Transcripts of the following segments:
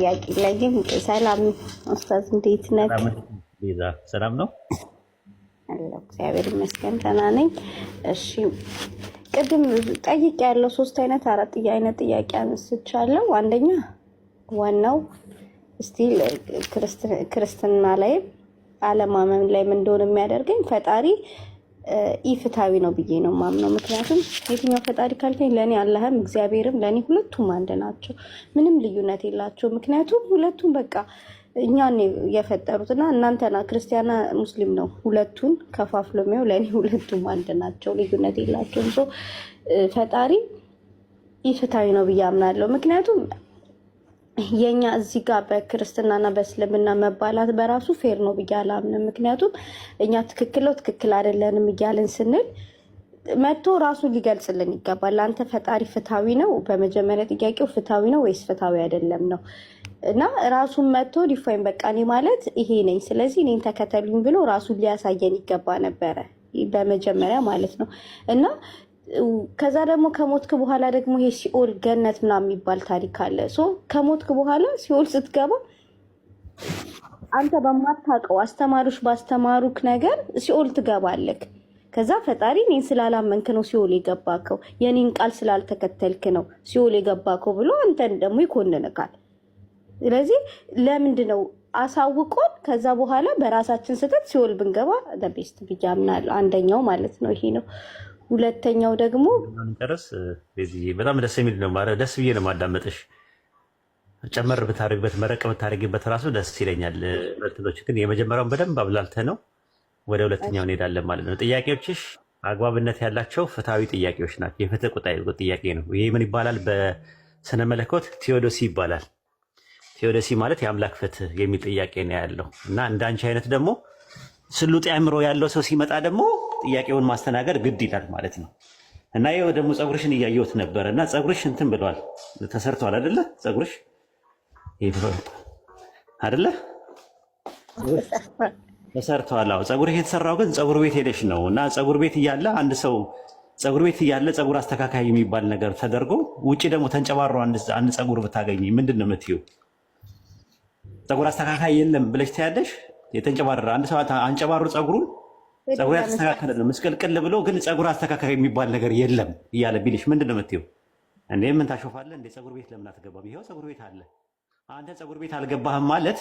ጥያቄ ላይም ሰላም ኡስታዝ፣ እንዴት ነህ? ቤዛ ሰላም ነው አለው። እግዚአብሔር ይመስገን ደህና ነኝ። እሺ ቅድም ጠይቅ ያለው ሶስት አይነት አራት አይነት ጥያቄ አንስቻለሁ። አንደኛ ዋናው ስቲል ክርስትና ላይ አለማመን ላይ ምን እንደሆነ የሚያደርገኝ ፈጣሪ ኢፍታዊ ነው ብዬ ነው ማምነው። ምክንያቱም የትኛው ፈጣሪ ካልከኝ ለእኔ አላህም እግዚአብሔርም ለእኔ ሁለቱም አንድ ናቸው። ምንም ልዩነት የላቸው። ምክንያቱም ሁለቱም በቃ እኛን የፈጠሩት እና እናንተና ክርስቲያና ሙስሊም ነው ሁለቱን ከፋፍሎ የሚያው ለእኔ ሁለቱም አንድ ናቸው። ልዩነት የላቸውም። ፈጣሪ ኢፍታዊ ነው ብዬ አምናለሁ ምክንያቱም የኛ እዚህ ጋር በክርስትናና በእስልምና መባላት በራሱ ፌር ነው ብዬ አላምንም። ምክንያቱም እኛ ትክክል ነው ትክክል አይደለንም እያለን ስንል መጥቶ ራሱ ሊገልጽልን ይገባል። ለአንተ ፈጣሪ ፍትሐዊ ነው። በመጀመሪያ ጥያቄው ፍትሐዊ ነው ወይስ ፍትሐዊ አይደለም ነው እና ራሱን መጥቶ ዲፋይን በቃ እኔ ማለት ይሄ ነኝ፣ ስለዚህ እኔን ተከተሉኝ ብሎ ራሱን ሊያሳየን ይገባ ነበረ በመጀመሪያ ማለት ነው እና ከዛ ደግሞ ከሞትክ በኋላ ደግሞ ይሄ ሲኦል ገነት ምናምን የሚባል ታሪክ አለ። ሶ ከሞትክ በኋላ ሲኦል ስትገባ አንተ በማታውቀው አስተማሪዎች ባስተማሩክ ነገር ሲኦል ትገባለክ። ከዛ ፈጣሪ እኔን ስላላመንክ ነው ሲኦል የገባከው፣ የኔን ቃል ስላልተከተልክ ነው ሲኦል የገባከው ብሎ አንተን ደግሞ ይኮንንካል። ስለዚህ ለምንድን ነው አሳውቆን ከዛ በኋላ በራሳችን ስህተት ሲኦል ብንገባ ደቤስት ብዬ አምናለሁ። አንደኛው ማለት ነው ይሄ ነው። ሁለተኛው ደግሞ ጨረስ በጣም ደስ የሚል ነው። ደስ ብዬ ነው ማዳመጥሽ። ጨመር ብታደርግበት መረቅ ብታደርግበት ራሱ ደስ ይለኛል። ትሎች ግን የመጀመሪያውን በደንብ አብላልተ ነው። ወደ ሁለተኛው እንሄዳለን ማለት ነው። ጥያቄዎችሽ አግባብነት ያላቸው ፍትሐዊ ጥያቄዎች ናቸው። የፍትህ ጥያቄ ነው። ይሄ ምን ይባላል? በስነ መለኮት ቴዎዶሲ ይባላል። ቴዎዶሲ ማለት የአምላክ ፍትህ የሚል ጥያቄ ነው ያለው እና እንዳንቺ አይነት ደግሞ ስሉጥ አእምሮ ያለው ሰው ሲመጣ ደግሞ ጥያቄውን ማስተናገድ ግድ ይላል ማለት ነው። እና ይኸው ደግሞ ፀጉርሽን እያየሁት ነበረ እና ፀጉርሽ እንትን ብለዋል ተሰርተዋል አደለ? ፀጉርሽ አደለ? ተሰርተዋል። አዎ ፀጉርሽ የተሰራው ግን ፀጉር ቤት ሄደሽ ነው። እና ፀጉር ቤት እያለ አንድ ሰው ፀጉር ቤት እያለ ፀጉር አስተካካይ የሚባል ነገር ተደርጎ ውጭ ደግሞ ተንጨባሮ አንድ ፀጉር ብታገኝ ምንድን ነው የምትይው? ፀጉር አስተካካይ የለም ብለሽ ትያለሽ። የተንጨባረረ አንድ ሰው አንጨባሮ ፀጉሩን ፀጉር ያስተካከለ ነው ምስቅልቅል ብሎ ግን ፀጉር አስተካካይ የሚባል ነገር የለም እያለ ቢልሽ ምንድን ነው የምትይው? እንዴ ምን ታሾፋለህ እንዴ? ፀጉር ቤት ለምን አትገባም? ይኸው ፀጉር ቤት አለ። አንተ ፀጉር ቤት አልገባህም ማለት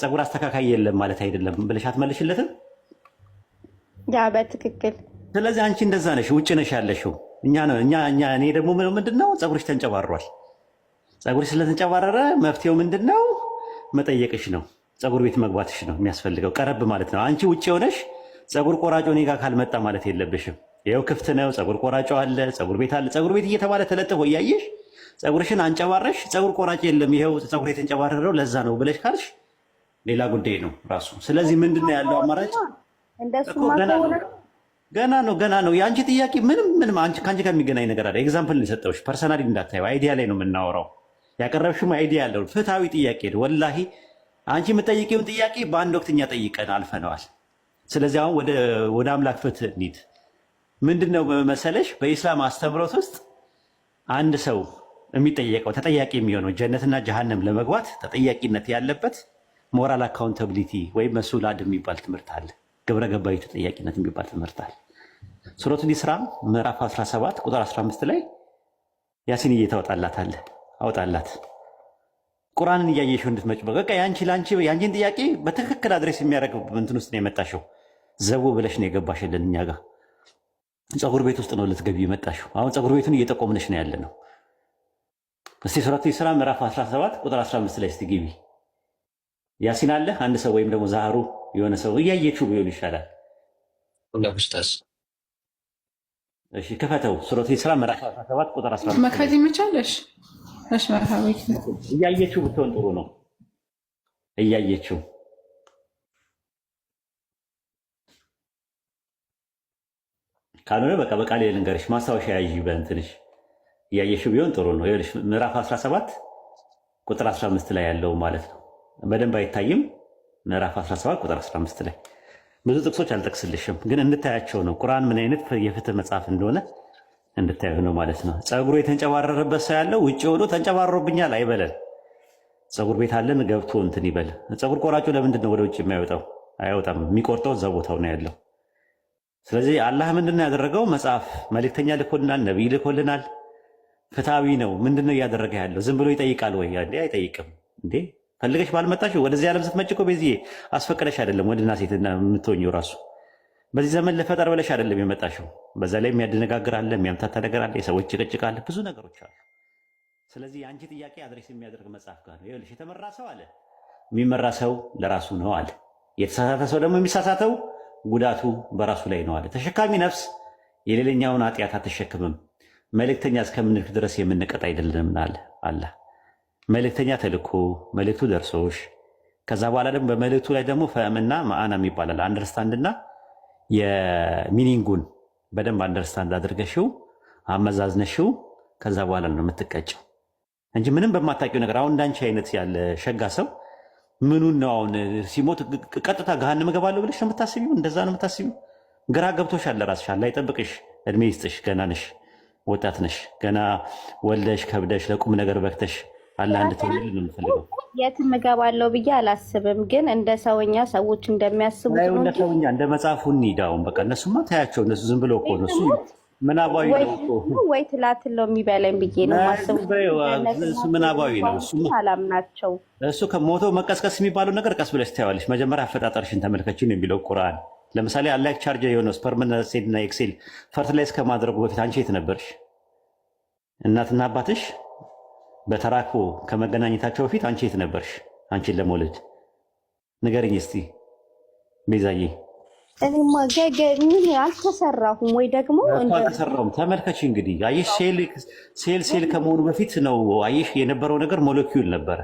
ፀጉር አስተካካይ የለም ማለት አይደለም ብለሽ አትመልሽለትም? ያ በትክክል ስለዚህ አንቺ እንደዛ ነሽ፣ ውጭ ነሽ ያለሽው። እኛ ነው እኛ እኛ እኔ ደግሞ ምንድን ነው ፀጉርሽ ተንጨባሯል። ፀጉርሽ ስለተንጨባረረ መፍትሄው ምንድን ነው? መጠየቅሽ ነው። ፀጉር ቤት መግባትሽ ነው የሚያስፈልገው፣ ቀረብ ማለት ነው። አንቺ ውጭ የሆነሽ ፀጉር ቆራጮ እኔ ካልመጣ ማለት የለብሽም። ይኸው ክፍት ነው፣ ፀጉር ቆራጮ አለ፣ ጸጉር ቤት አለ። ጸጉር ቤት እየተባለ ተለጥፎ እያየሽ ጸጉርሽን አንጨባረሽ ጸጉር ቆራጭ የለም ይኸው ጸጉር የተንጨባረረው ለዛ ነው ብለሽ ካልሽ ሌላ ጉዳይ ነው ራሱ። ስለዚህ ምንድን ነው ያለው አማራጭ? ገና ነው ገና ነው የአንቺ ጥያቄ ምንም ምንም ከአንቺ ከሚገናኝ ነገር አለ። ኤግዛምፕል የሰጠሁሽ ፐርሰናሊ እንዳታየው አይዲያ ላይ ነው የምናወራው። ያቀረብሽም አይዲያ ያለው ፍትሃዊ ጥያቄ ወላሂ አንቺ የምጠይቂውን ጥያቄ በአንድ ወቅት እኛ ጠይቀን አልፈነዋል። ስለዚህ አሁን ወደ አምላክ ፍትህ እንሂድ። ምንድን ነው መሰለሽ፣ በኢስላም አስተምሮት ውስጥ አንድ ሰው የሚጠየቀው ተጠያቂ የሚሆነው ጀነትና ጀሃነም ለመግባት ተጠያቂነት ያለበት ሞራል አካውንታብሊቲ ወይም መሱላድ የሚባል ትምህርት አለ። ግብረ ገባዊ ተጠያቂነት የሚባል ትምህርት አለ። ሱረቱ ኢስራ ምዕራፍ 17 ቁጥር 15 ላይ ያሲን እየታወጣላት አለ አውጣላት ቁርአንን እያየሽው እንድትመጭ በቃ ያንቺ ለአንቺ ያንቺን ጥያቄ በትክክል አድሬስ የሚያደርግ እንትን ውስጥ ነው የመጣሽው። ዘው ብለሽ ነው የገባሽልን እኛ ጋር ፀጉር ቤት ውስጥ ነው ልትገቢ የመጣሽው። አሁን ፀጉር ቤቱን እየጠቆምነሽ ነው ያለ ነው። እስቲ ሱረቱ ስራ ምዕራፍ 17 ቁጥር 15 ላይ እስቲ ግቢ። ያሲን አለ አንድ ሰው ወይም ደግሞ ዛህሩ የሆነ ሰው እያየችው ቢሆን ይሻላል። እሺ ክፈተው። ሱረቱ ስራ ምዕራፍ 17 ቁጥር 15 መክፈት ይመቻለሽ? እያየችው ብትሆን ጥሩ ነው። እያየችው ካልሆነ በቃ በቃሌ ልንገርሽ፣ ማስታወሻ ያዥ በእንትንሽ እያየሽው ቢሆን ጥሩ ነው። ይኸውልሽ ምዕራፍ 17 ቁጥር 15 ላይ ያለው ማለት ነው። በደንብ አይታይም። ምዕራፍ 17 ቁጥር 15 ላይ ብዙ ጥቅሶች አልጠቅስልሽም፣ ግን እንታያቸው ነው ቁርአን ምን አይነት የፍትህ መጽሐፍ እንደሆነ እንድታዩ ነው ማለት ነው። ፀጉሩ የተንጨባረረበት ሰው ያለው ውጭ ሆኖ ተንጨባርሮብኛል አይበለን። ፀጉር ቤት አለን ገብቶ እንትን ይበል። ፀጉር ቆራጩ ለምንድን ነው ወደ ውጭ የማይወጣው? አይወጣም። የሚቆርጠው እዛ ቦታው ነው ያለው። ስለዚህ አላህ ምንድን ነው ያደረገው? መጽሐፍ መልእክተኛ ልኮልናል፣ ነቢይ ልኮልናል። ፍትሐዊ ነው። ምንድን ነው እያደረገ ያለው? ዝም ብሎ ይጠይቃል ወይ? እንዴ አይጠይቅም። እንዴ ፈልገሽ ባልመጣሽ ወደዚህ ዓለም ስትመጭ እኮ ቤዝዬ አስፈቅደሽ አይደለም ወንድና ሴት የምትሆኚው ራሱ በዚህ ዘመን ለፈጠር ብለሽ አይደለም የመጣሽው። በዛ ላይ የሚያደነጋግር አለ፣ የሚያምታታ ነገር አለ፣ የሰዎች ጭቅጭቅ አለ፣ ብዙ ነገሮች አሉ። ስለዚህ የአንቺ ጥያቄ አድሬስ የሚያደርግ መጽሐፍ ጋር ነው። ይኸውልሽ የተመራ ሰው አለ የሚመራ ሰው ለራሱ ነው አለ። የተሳሳተ ሰው ደግሞ የሚሳሳተው ጉዳቱ በራሱ ላይ ነው አለ። ተሸካሚ ነፍስ የሌላኛውን ኃጢአት አትሸክምም፣ መልእክተኛ እስከምንልክ ድረስ የምንቀጥ አይደለም አለ አለ። መልእክተኛ ተልኮ መልእክቱ ደርሶሽ ከዛ በኋላ ደግሞ በመልእክቱ ላይ ደግሞ ፈምና መአና ይባላል አንደርስታንድና የሚኒንጉን በደንብ አንደርስታንድ አድርገሽው አመዛዝነሽው ከዛ በኋላ ነው የምትቀጭው እንጂ ምንም በማታውቂው ነገር። አሁን እንዳንቺ አይነት ያለ ሸጋ ሰው ምኑን ነው አሁን ሲሞት ቀጥታ ገሃነም እገባለሁ ብለሽ ነው የምታስቢው? እንደዛ ነው የምታስቢው? ግራ ገብቶሻል። ለራስሽ አላህ ይጠብቅሽ፣ እድሜ ይስጥሽ። ገና ነሽ፣ ወጣት ነሽ። ገና ወልደሽ ከብደሽ ለቁም ነገር በክተሽ አላህ እንድትሆንልን ነው የምፈልገው። የትም እገባለሁ ብዬ አላስብም፣ ግን እንደ ሰውኛ ሰዎች እንደሚያስቡ እንደ ሰውኛ እንደ መጽሐፉ እንሂዳውን በቃ እነሱማ ታያቸው። እነሱ ዝም ብሎ እኮ እነሱ ምናባዊ ነው ወይ ትላትል ነው የሚበላኝ ብዬ ነው ምናባዊ ነው አላምናቸው። እሱ ከሞቶ መቀስቀስ የሚባለው ነገር ቀስ ብለሽ ታያዋለሽ። መጀመሪያ አፈጣጠርሽን ተመልከች ነው የሚለው ቁርአን። ለምሳሌ አላክ ቻርጀ የሆነ ስፐርምና ሴልና ኤክሴል ፈርትላይዝ ከማድረጉ በፊት አንቺ የት ነበርሽ? እናትና አባትሽ በተራኮ ከመገናኘታቸው በፊት አንቺ የት ነበርሽ? አንቺን ለመውለድ ንገርኝ እስቲ ቤዛዬ። እኔማ ምን አልተሰራሁም ወይ ደግሞ አልተሰራሁም። ተመልከች እንግዲህ አየሽ፣ ሴል ሴል ከመሆኑ በፊት ነው አየሽ፣ የነበረው ነገር ሞለኪውል ነበረ።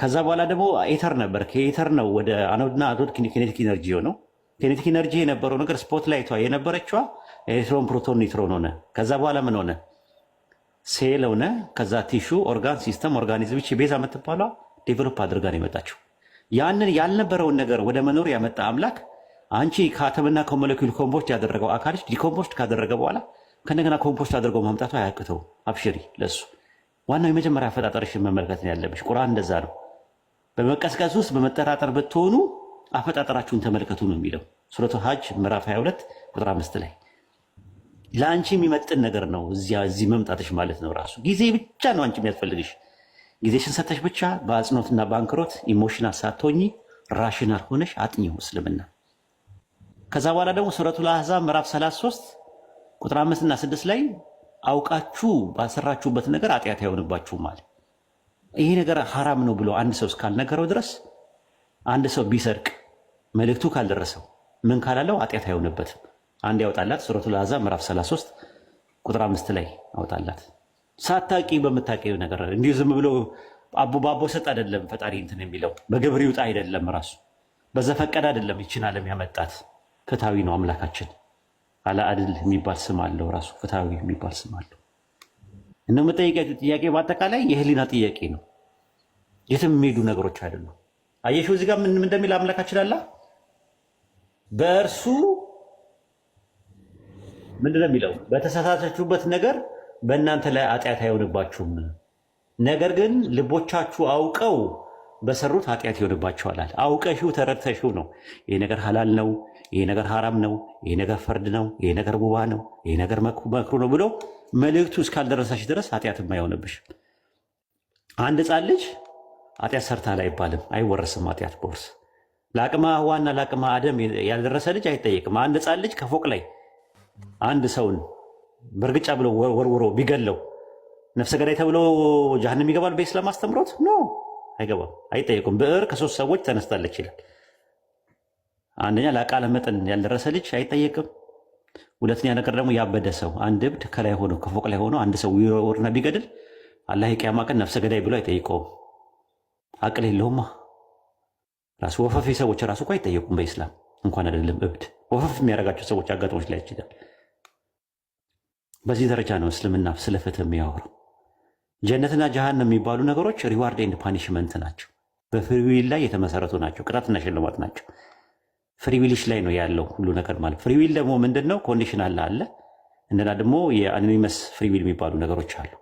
ከዛ በኋላ ደግሞ ኤተር ነበር። ከኤተር ነው ወደ አኖድና አቶድ ኬኔቲክ ኢነርጂ የሆነው። ኬኔቲክ ኢነርጂ የነበረው ነገር ስፖት ላይቷ የነበረችዋ ኤሌክትሮን፣ ፕሮቶን፣ ኒውትሮን ሆነ። ከዛ በኋላ ምን ሆነ? ሴል ሆነ ከዛ ቲሹ ኦርጋን ሲስተም ኦርጋኒዝም ይቺ ቤዛ የምትባሏ ዴቨሎፕ አድርጋ ነው የመጣችው። ያንን ያልነበረውን ነገር ወደ መኖር ያመጣ አምላክ አንቺ ከአተምና ከሞለኪል ኮምፖስት ያደረገው አካልሽ ዲኮምፖስት ካደረገ በኋላ ከእንደገና ኮምፖስት አድርገው ማምጣቱ አያቅተው። አብሽሪ ለሱ ዋናው የመጀመሪያ አፈጣጠርሽን መመልከት ነው ያለብሽ። ቁርአን እንደዛ ነው። በመቀስቀስ ውስጥ በመጠራጠር ብትሆኑ አፈጣጠራችሁን ተመልከቱ ነው የሚለው ሱረቱ ሀጅ ምዕራፍ 22 ቁጥር 5 ላይ ለአንቺ የሚመጥን ነገር ነው እዚህ መምጣትሽ ማለት ነው። ራሱ ጊዜ ብቻ ነው አንቺ የሚያስፈልግሽ። ጊዜሽን ሰተሽ ብቻ በአጽንኦትና በአንክሮት ኢሞሽናል ሳትሆኚ ራሽናል ሆነሽ አጥኚው እስልምና። ከዛ በኋላ ደግሞ ሱረቱ ለአህዛብ ምዕራፍ 33 ቁጥር አምስትና ስድስት ላይ አውቃችሁ ባሰራችሁበት ነገር አጥያት አይሆንባችሁም ማለ ይሄ ነገር ሐራም ነው ብሎ አንድ ሰው እስካልነገረው ድረስ አንድ ሰው ቢሰርቅ መልእክቱ ካልደረሰው ምን ካላለው አጥያት አይሆንበትም። አንድ ያውጣላት ሱረቱ ላዛ ምዕራፍ 33 ቁጥር አምስት ላይ አውጣላት። ሳታቂ በምታቀዩ ነገር እንዲሁ ዝም ብሎ አቦ ባቦ ሰጥ አይደለም ፈጣሪ እንትን የሚለው በግብር ይውጣ አይደለም ራሱ በዘፈቀድ አይደለም ይችን ዓለም ያመጣት ፍትሐዊ ነው አምላካችን። አልአድል የሚባል ስም አለው ራሱ ፍትሐዊ የሚባል ስም አለው። እነ መጠየቂያ ጥያቄ በአጠቃላይ የህሊና ጥያቄ ነው። የትም የሚሄዱ ነገሮች አይደሉም። አየሽው እዚህ ጋር እንደሚል አምላካችን አላ በእርሱ ምንድነው የሚለው? በተሳሳተችሁበት ነገር በእናንተ ላይ ኃጢአት አይሆንባችሁም፣ ነገር ግን ልቦቻችሁ አውቀው በሰሩት ኃጢአት ይሆንባቸዋል። አውቀሽው ተረድተሽው ነው። ይሄ ነገር ሀላል ነው፣ ይሄ ነገር ሀራም ነው፣ ይሄ ነገር ፈርድ ነው፣ ይሄ ነገር ቡባ ነው፣ ይሄ ነገር መክሩ ነው ብሎ መልእክቱ እስካልደረሰሽ ድረስ ኃጢአትም የማይሆንብሽ። አንድ ሕፃን ልጅ ኃጢአት ሰርታል አይባልም፣ አይወረስም። ኃጢአት ቦርስ ለአቅመ ሔዋንና ለአቅመ አደም ያልደረሰ ልጅ አይጠየቅም። አንድ ሕፃን ልጅ ከፎቅ ላይ አንድ ሰውን በእርግጫ ብሎ ወርውሮ ቢገለው ነፍሰ ገዳይ ተብሎ ጀሃንም ይገባል? ቤስ ለማስተምሮት ኖ አይገባም፣ አይጠየቁም። ብዕር ከሶስት ሰዎች ተነስታለች ይላል። አንደኛ ለቃለ መጠን ያልደረሰ ልጅ አይጠየቅም። ሁለተኛ ነገር ደግሞ ያበደ ሰው አንድ እብድ ከላይ ሆኖ ከፎቅ ላይ ሆኖ አንድ ሰው ወርና ቢገድል አላህ የቅያማ ቀን ነፍሰ ገዳይ ብሎ አይጠይቀውም። አቅል የለውማ። ራሱ ወፈፊ ሰዎች ራሱ እኮ አይጠየቁም በኢስላም እንኳን አይደለም እብድ። ወፈፍ የሚያደርጋቸው ሰዎች አጋጥሞች ላይ ይችላል በዚህ ደረጃ ነው እስልምና ስለ ፍትህ ጀነትና ጀሃነም የሚባሉ ነገሮች ሪዋርድ ኤንድ ፓኒሽመንት ናቸው። በፍሪዊል ላይ የተመሰረቱ ናቸው። ቅጣትና ሽልማት ናቸው። ፍሪዊልሽ ላይ ነው ያለው ሁሉ ነገር ማለት። ፍሪዊል ደግሞ ምንድን ነው? ኮንዲሽን አለ አለ እንደና ደግሞ የአኖኒመስ ፍሪዊል የሚባሉ ነገሮች አሉ።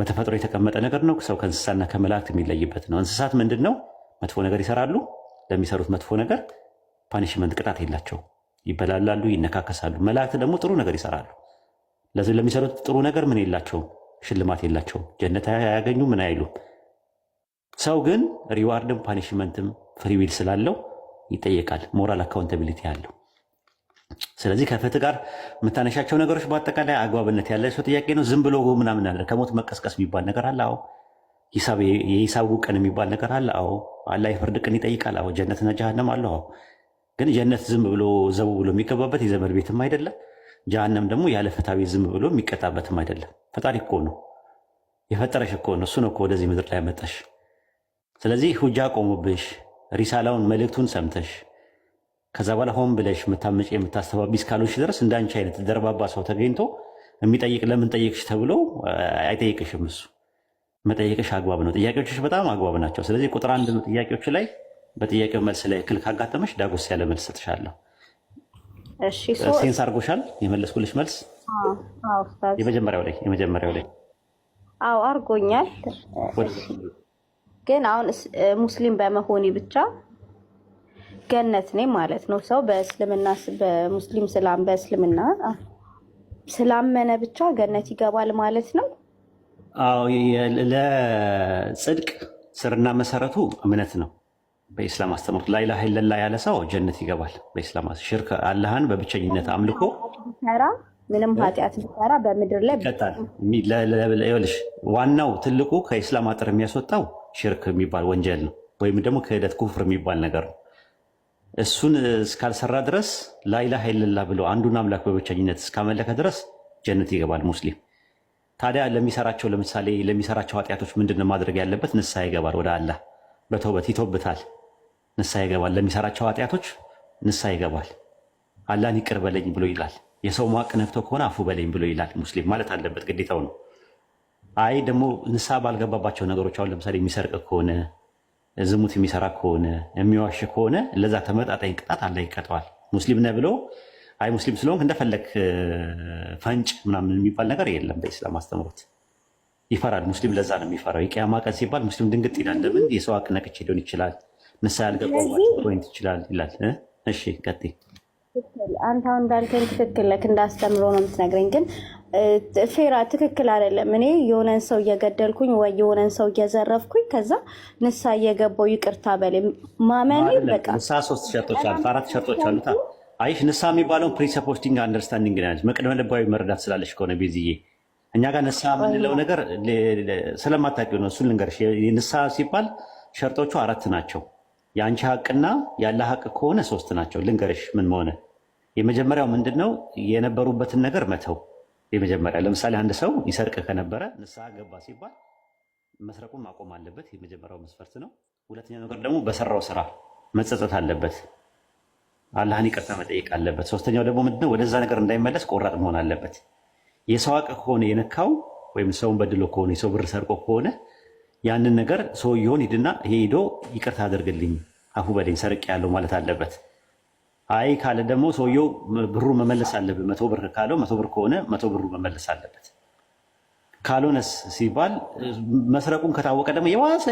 በተፈጥሮ የተቀመጠ ነገር ነው። ሰው ከእንስሳና ከመላእክት የሚለይበት ነው። እንስሳት ምንድን ነው? መጥፎ ነገር ይሰራሉ። ለሚሰሩት መጥፎ ነገር ፓኒሽመንት ቅጣት የላቸው፣ ይበላላሉ፣ ይነካከሳሉ። መላእክት ደግሞ ጥሩ ነገር ይሰራሉ ለሚሰሩት ጥሩ ነገር ምን የላቸውም፣ ሽልማት የላቸው ጀነት አያገኙ ምን አይሉም። ሰው ግን ሪዋርድም ፓኒሽመንትም ፍሪዊል ስላለው ይጠየቃል። ሞራል አካውንታቢሊቲ አለው። ስለዚህ ከፍትህ ጋር የምታነሻቸው ነገሮች በአጠቃላይ አግባብነት ሰው ጥያቄ ነው። ዝም ብሎ ምናምን አለ። ከሞት መቀስቀስ የሚባል ነገር አለ። አዎ። የሂሳቡ ቀን የሚባል ነገር አለ። አዎ። አላ የፍርድ ቀን ይጠይቃል። አዎ። ጀነትና ጀሃነም አለ። አዎ። ግን ጀነት ዝም ብሎ ዘቡ ብሎ የሚገባበት የዘመድ ቤትም አይደለም። ጀሃነም ደግሞ ያለ ፈታዊ ዝም ብሎ የሚቀጣበትም አይደለም። ፈጣሪ እኮ ነው የፈጠረሽ እኮ ነው። እሱ ነው እኮ ወደዚህ ምድር ላይ መጠሽ። ስለዚህ ሁጃ ቆሙብሽ፣ ሪሳላውን መልእክቱን ሰምተሽ ከዛ በኋላ ሆን ብለሽ የምታመጭ የምታስተባቢ እስካልሆንሽ ድረስ እንዳንቺ አይነት ደርባባ ሰው ተገኝቶ የሚጠይቅ ለምን ጠይቅሽ ተብሎ አይጠይቅሽም። እሱ መጠየቅሽ አግባብ ነው። ጥያቄዎችሽ በጣም አግባብ ናቸው። ስለዚህ ቁጥር አንድ ጥያቄዎች ላይ በጥያቄው መልስ ላይ እክል ካጋጠመሽ ዳጎስ ያለ መልስ ሰጥሻለሁ። ሴንስ አድርጎሻል የመለስኩልሽ መልስ የመጀመሪያው ላይ የመጀመሪያው ላይ አዎ አድርጎኛል ግን አሁን ሙስሊም በመሆኔ ብቻ ገነት ነኝ ማለት ነው ሰው በእስልምና በሙስሊም ስላም በእስልምና ስላመነ ብቻ ገነት ይገባል ማለት ነው አዎ ለጽድቅ ስርና መሰረቱ እምነት ነው በኢስላም አስተምሮት ላኢላሃ ለላ ያለ ሰው ጀነት ይገባል። በኢስላም ሽርክ አላህን በብቸኝነት አምልኮ ምንም ኃጢአት ቢሰራ በምድር ላይ ዋናው ትልቁ ከኢስላም አጥር የሚያስወጣው ሽርክ የሚባል ወንጀል ነው፣ ወይም ደግሞ ክህደት ኩፍር የሚባል ነገር ነው። እሱን እስካልሰራ ድረስ ላይላ ኢለላህ ብሎ አንዱን አምላክ በብቸኝነት እስካመለከ ድረስ ጀነት ይገባል ሙስሊም። ታዲያ ለሚሰራቸው ለምሳሌ ለሚሰራቸው ኃጢአቶች ምንድን ማድረግ ያለበት? ንስሐ ይገባል ወደ አላህ በተውበት ይቶብታል። ንሳ ይገባል። ለሚሰራቸው ኃጢአቶች ንሳ ይገባል። አላህን ይቅር በለኝ ብሎ ይላል። የሰው ማቅ ነክቶ ከሆነ አፉ በለኝ ብሎ ይላል። ሙስሊም ማለት አለበት፣ ግዴታው ነው። አይ ደግሞ ንሳ ባልገባባቸው ነገሮች አሁን ለምሳሌ የሚሰርቅ ከሆነ ዝሙት የሚሰራ ከሆነ የሚዋሽ ከሆነ ለዛ ተመጣጣኝ ቅጣት አላህ ይቀጠዋል። ሙስሊም ነህ ብሎ አይ ሙስሊም ስለሆንክ እንደፈለግ ፈንጭ ምናምን የሚባል ነገር የለም በኢስላም አስተምሮት። ይፈራል ሙስሊም፣ ለዛ ነው የሚፈራው። የቅያማ ቀን ሲባል ሙስሊም ድንግጥ ይላል። ለምን የሰው ሀቅ ሊሆን ይችላል ንስሓ ያልገባባቸው ፖይንት ይችላል ይላል። እሺ ቀጥይ። አንተ አሁን እንዳልከኝ ትክክል ነህ። እንዳስተምሮ ነው የምትነግረኝ፣ ግን ፌራ ትክክል አይደለም። እኔ የሆነን ሰው እየገደልኩኝ ወይ የሆነን ሰው እየዘረፍኩኝ ከዛ ንሳ እየገባው ይቅርታ በል ማመኔ በቃ። ንስሓ ሶስት ሸርጦች አሉ አራት ሸርጦች አሉት። አይ ንስሓ የሚባለውን ፕሪሰፖስቲንግ አንደርስታንዲንግ ያለች መቅድመ ልባዊ መረዳት ስላለች ከሆነ ቤዝዬ እኛ ጋር ንሳ የምንለው ነገር ስለማታውቂው ነው። እሱን ልንገርሽ፣ ንሳ ሲባል ሸርጦቹ አራት ናቸው። የአንቺ ሀቅና ያለ ሀቅ ከሆነ ሶስት ናቸው። ልንገርሽ ምን መሆነ የመጀመሪያው ምንድን ነው? የነበሩበትን ነገር መተው። የመጀመሪያ ለምሳሌ አንድ ሰው ይሰርቅ ከነበረ ንስሐ ገባ ሲባል መስረቁን ማቆም አለበት። የመጀመሪያው መስፈርት ነው። ሁለተኛው ነገር ደግሞ በሰራው ስራ መጸጸት አለበት። አላህን ይቅርታ መጠየቅ አለበት። ሶስተኛው ደግሞ ምንድነው? ወደዛ ነገር እንዳይመለስ ቆራጥ መሆን አለበት። የሰው ሀቅ ከሆነ የነካው ወይም ሰውን በድሎ ከሆነ የሰው ብር ሰርቆ ከሆነ ያንን ነገር ሰውየውን ሂድና ሄዶ ይቅርታ አድርግልኝ አፉ በለኝ ሰርቅ ያለው ማለት አለበት። አይ ካለ ደግሞ ሰውየው ብሩ መመለስ አለበት። መቶ ብር ካለው መቶ ብር ከሆነ መቶ ብሩ መመለስ አለበት። ካልሆነስ ሲባል መስረቁን ከታወቀ ደግሞ የዋሰ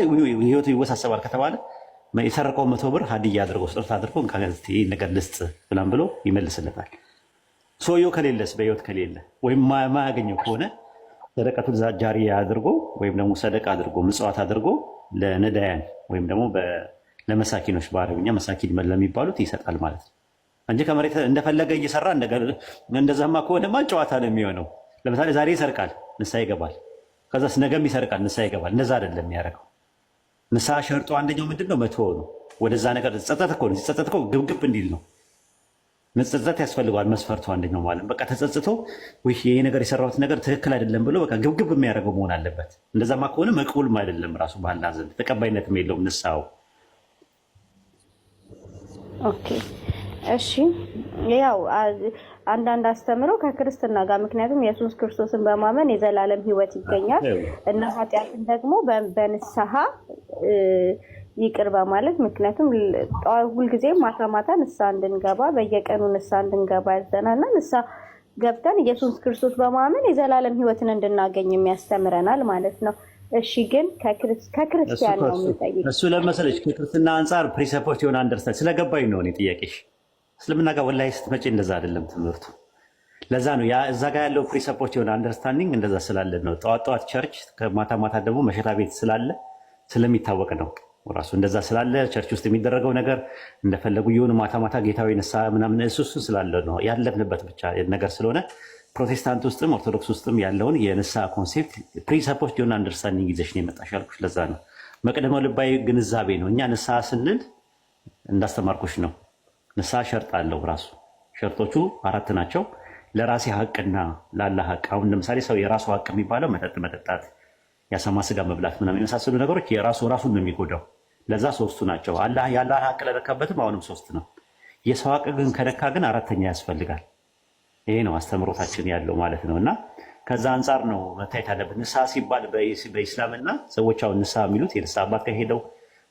ህይወቱ ይወሳሰባል ከተባለ የሰረቀው መቶ ብር ሀዲያ አድርጎ ስጥርት አድርጎ ነገር ልስጥ ብላም ብሎ ይመልስለታል። ሰውየው ከሌለስ በህይወት ከሌለ ወይም ማያገኘው ከሆነ ሰደቀቱ ዛጃሪ አድርጎ ወይም ደግሞ ሰደቅ አድርጎ ምጽዋት አድርጎ ለነዳያን ወይም ደግሞ ለመሳኪኖች በአረብኛ መሳኪን ለሚባሉት ይሰጣል ማለት ነው እንጂ ከመሬት እንደፈለገ እየሰራ እንደዛማ ከሆነማ ጨዋታ ነው የሚሆነው። ለምሳሌ ዛሬ ይሰርቃል፣ ንሳ ይገባል። ከዛስ ነገም ይሰርቃል፣ ንሳ ይገባል። እንደዛ አይደለም የሚያደርገው። ንሳ ሸርጦ አንደኛው ምንድን ነው መቶ ነው። ወደዛ ነገር ጸጠት እኮ ነው። ጸጠት እኮ ግብግብ እንዲል ነው። መጸጸት ያስፈልገዋል። መስፈርቱ አንደኛው ማለት በቃ ተጸጽቶ ይህ ነገር የሰራሁት ነገር ትክክል አይደለም ብሎ በቃ ግብግብ የሚያደርገው መሆን አለበት። እንደዛማ ከሆነ መቅቡልም አይደለም ራሱ ባህልና ዘንድ ተቀባይነትም የለውም ንስሐው። ኦኬ እሺ፣ ያው አንዳንድ አስተምሮ ከክርስትና ጋር ምክንያቱም ኢየሱስ ክርስቶስን በማመን የዘላለም ሕይወት ይገኛል እና ኃጢአትን ደግሞ በንስሐ ይቅር በማለት ምክንያቱም ሁልጊዜ ማታ ማታ ንሳ እንድንገባ በየቀኑ ንሳ እንድንገባ ያዘናልና ንሳ ገብተን ኢየሱስ ክርስቶስ በማመን የዘላለም ህይወትን እንድናገኝ የሚያስተምረናል ማለት ነው። እሺ ግን ከክርስቲያን ነው የሚጠይቅ እሱ ለመሰለች ከክርስትና አንጻር ፕሪሰፖርት የሆነ አንደርስታንድ ስለገባኝ ነው እኔ ጥያቄሽ። እስልምና ጋር ወላሂ ስትመጪ እንደዛ አይደለም ትምህርቱ። ለዛ ነው እዛ ጋር ያለው ፕሪሰፖርት የሆነ አንደርስታንዲንግ እንደዛ ስላለ ነው። ጠዋት ጠዋት ቸርች፣ ማታ ማታ ደግሞ መሸታ ቤት ስላለ ስለሚታወቅ ነው። ራሱ እንደዛ ስላለ ቸርች ውስጥ የሚደረገው ነገር እንደፈለጉ የሆኑ ማታ ማታ ጌታዊ ነሳ ምናምን እሱሱን ስላለ ነው ያለፍንበት ብቻ ነገር ስለሆነ ፕሮቴስታንት ውስጥም ኦርቶዶክስ ውስጥም ያለውን የንሳ ኮንሴፕት ፕሪንሰፖች ሊሆን አንደርስታንዲንግ ይዘሽ ነው የመጣሽ ያልኩሽ። ለዛ ነው መቅደመ ልባዊ ግንዛቤ ነው። እኛ ንሳ ስንል እንዳስተማርኩሽ ነው። ንሳ ሸርጥ አለው። ራሱ ሸርጦቹ አራት ናቸው። ለራሴ ሀቅና ላለ ሀቅ። አሁን ለምሳሌ ሰው የራሱ ሀቅ የሚባለው መጠጥ መጠጣት፣ የአሳማ ስጋ መብላት ምናምን የመሳሰሉ ነገሮች የራሱ ራሱን ነው የሚጎዳው ለዛ ሶስቱ ናቸው። አላህ የአላህ ሀቅ ለነካበትም አሁንም ሶስት ነው። የሰው ሀቅ ግን ከነካ ግን አራተኛ ያስፈልጋል። ይሄ ነው አስተምሮታችን ያለው ማለት ነው። እና ከዛ አንጻር ነው መታየት አለብን። ንስሐ ሲባል በኢስላምና ሰዎች አሁን ንስሐ የሚሉት የንስሐ አባት ጋር ሄደው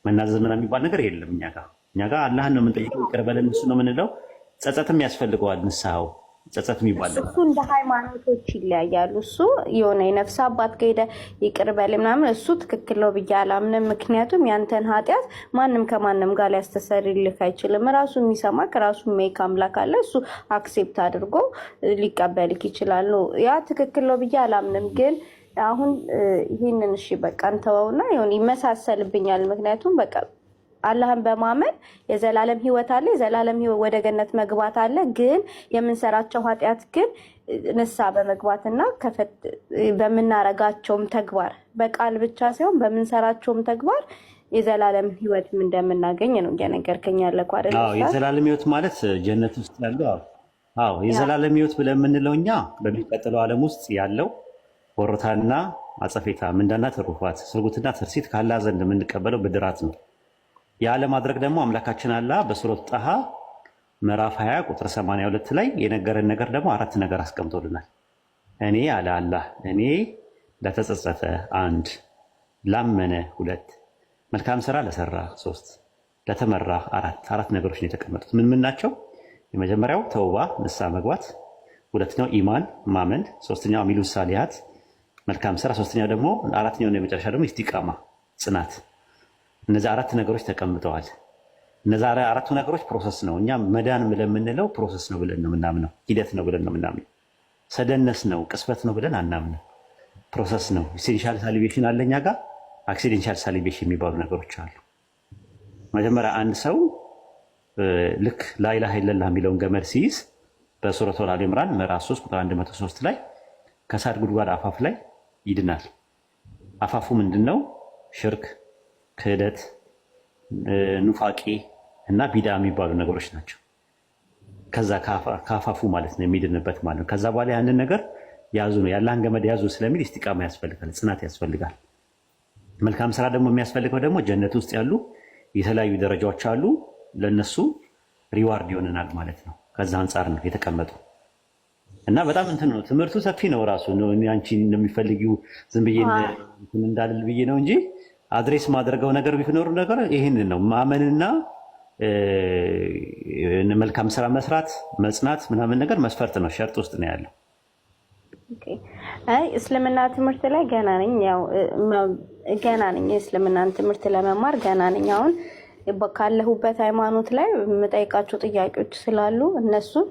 መናዘዝ ምናምን የሚባል ነገር የለም። እኛ ጋር እኛ ጋር አላህን ነው የምንጠይቀው፣ ይቅር በለን እሱ ነው የምንለው። ጸጸትም ያስፈልገዋል ንስሐው ጸጸት የሚባል እሱ እንደ ሃይማኖቶች ይለያያሉ። እሱ የሆነ የነፍስ አባት ከሄደ ይቅር በል ምናምን እሱ ትክክል ነው ብዬ አላምንም። ምክንያቱም ያንተን ኃጢአት ማንም ከማንም ጋር ሊያስተሰርልህ አይችልም። ራሱ የሚሰማ ከራሱ ሜክ አምላክ አለ። እሱ አክሴፕት አድርጎ ሊቀበልክ ይችላል። ነው ያ ትክክል ነው ብዬ አላምንም ግን አሁን ይህንን እሺ በቃ እንተወውና ይመሳሰልብኛል። ምክንያቱም በቃ አላህን በማመን የዘላለም ህይወት አለ፣ የዘላለም ህይወት ወደ ገነት መግባት አለ። ግን የምንሰራቸው ኃጢአት ግን ንሳ በመግባትና በምናረጋቸውም ተግባር በቃል ብቻ ሳይሆን በምንሰራቸውም ተግባር የዘላለም ህይወት እንደምናገኝ ነው እየነገርከኝ ያለኩ አይደል? የዘላለም ህይወት ማለት ጀነት ውስጥ ያሉ አዎ፣ የዘላለም ህይወት ብለን የምንለው እኛ በሚቀጥለው ዓለም ውስጥ ያለው ወሮታና አጸፌታ ምንዳና ትሩፋት ስርጉትና ትርሲት ካላ ዘንድ የምንቀበለው ብድራት ነው። ለማድረግ ደግሞ አምላካችን አላ በሱረት ጣሃ ምዕራፍ 20 ቁጥር 82 ላይ የነገረን ነገር ደግሞ አራት ነገር አስቀምጦልናል። እኔ አለ አላህ እኔ ለተጸጸተ አንድ፣ ላመነ ሁለት፣ መልካም ስራ ለሰራ ሶስት፣ ለተመራ አራት። አራት ነገሮች ነው የተቀመጡት። ምን ምን ናቸው? የመጀመሪያው ተውባ ንስሐ መግባት፣ ሁለተኛው ኢማን ማመን፣ ሶስተኛው አሚሉ ሳሊያት መልካም ስራ፣ ሶስተኛው ደግሞ አራተኛው የመጨረሻ ደግሞ ኢስቲቃማ ጽናት እነዚህ አራት ነገሮች ተቀምጠዋል። እነዚህ አራቱ ነገሮች ፕሮሰስ ነው። እኛ መዳን ለምንለው ፕሮሰስ ነው ብለን ነው ምናምነው፣ ሂደት ነው ብለን ነው ምናምነው። ሰደነስ ነው ቅስበት ነው ብለን አናምነው። ፕሮሰስ ነው። ኢሴንሻል ሳሊቬሽን አለ እኛ ጋር። አክሲደንሻል ሳሊቬሽን የሚባሉ ነገሮች አሉ። መጀመሪያ አንድ ሰው ልክ ላኢላሃ ኢለላህ የሚለውን ገመድ ሲይዝ በሱረቱ አል ኢምራን ምዕራፍ 3 ቁጥር 103 ላይ ከሳድ ጉድጓድ አፋፍ ላይ ይድናል። አፋፉ ምንድን ነው? ሽርክ ክህደት፣ ኑፋቄ እና ቢዳ የሚባሉ ነገሮች ናቸው። ከዛ ካፋፉ ማለት ነው የሚድንበት ማለት ነው። ከዛ በኋላ ያንን ነገር ያዙ ነው ያለህን ገመድ ያዙ ስለሚል ኢስቲቃማ ያስፈልጋል፣ ጽናት ያስፈልጋል። መልካም ስራ ደግሞ የሚያስፈልገው ደግሞ ጀነት ውስጥ ያሉ የተለያዩ ደረጃዎች አሉ። ለነሱ ሪዋርድ ይሆነናል ማለት ነው። ከዛ አንጻር ነው የተቀመጡ እና በጣም እንትን ነው ትምህርቱ ሰፊ ነው። ራሱ አንቺ እንደሚፈልጊው ዝም ብዬ እንዳልል ብዬ ነው እንጂ አድሬስ ማድረገው ነገር ቢኖር ነገር ይህን ነው ማመንና መልካም ስራ መስራት መጽናት ምናምን ነገር መስፈርት ነው፣ ሸርጥ ውስጥ ነው ያለው። አይ እስልምና ትምህርት ላይ ገና ነኝ፣ ያው ገና ነኝ። እስልምናን ትምህርት ለመማር ገና ነኝ። አሁን ካለሁበት ሃይማኖት ላይ የምጠይቃቸው ጥያቄዎች ስላሉ እነሱን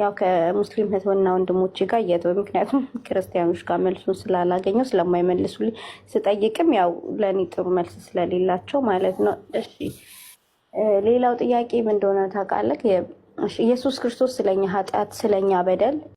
ያው ከሙስሊም እህትና ወንድሞች ጋር እየተወ ምክንያቱም ክርስቲያኖች ጋር መልሱን ስላላገኘው ስለማይመልሱልኝ ስጠይቅም ያው ለእኔ ጥሩ መልስ ስለሌላቸው ማለት ነው። እሺ ሌላው ጥያቄ ምን እንደሆነ ታውቃለህ? ኢየሱስ ክርስቶስ ስለኛ ኃጢአት ስለኛ በደል